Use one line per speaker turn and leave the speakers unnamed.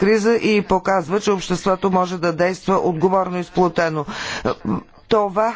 криза и показва, че обществото може да действа отговорно и сплотено. Това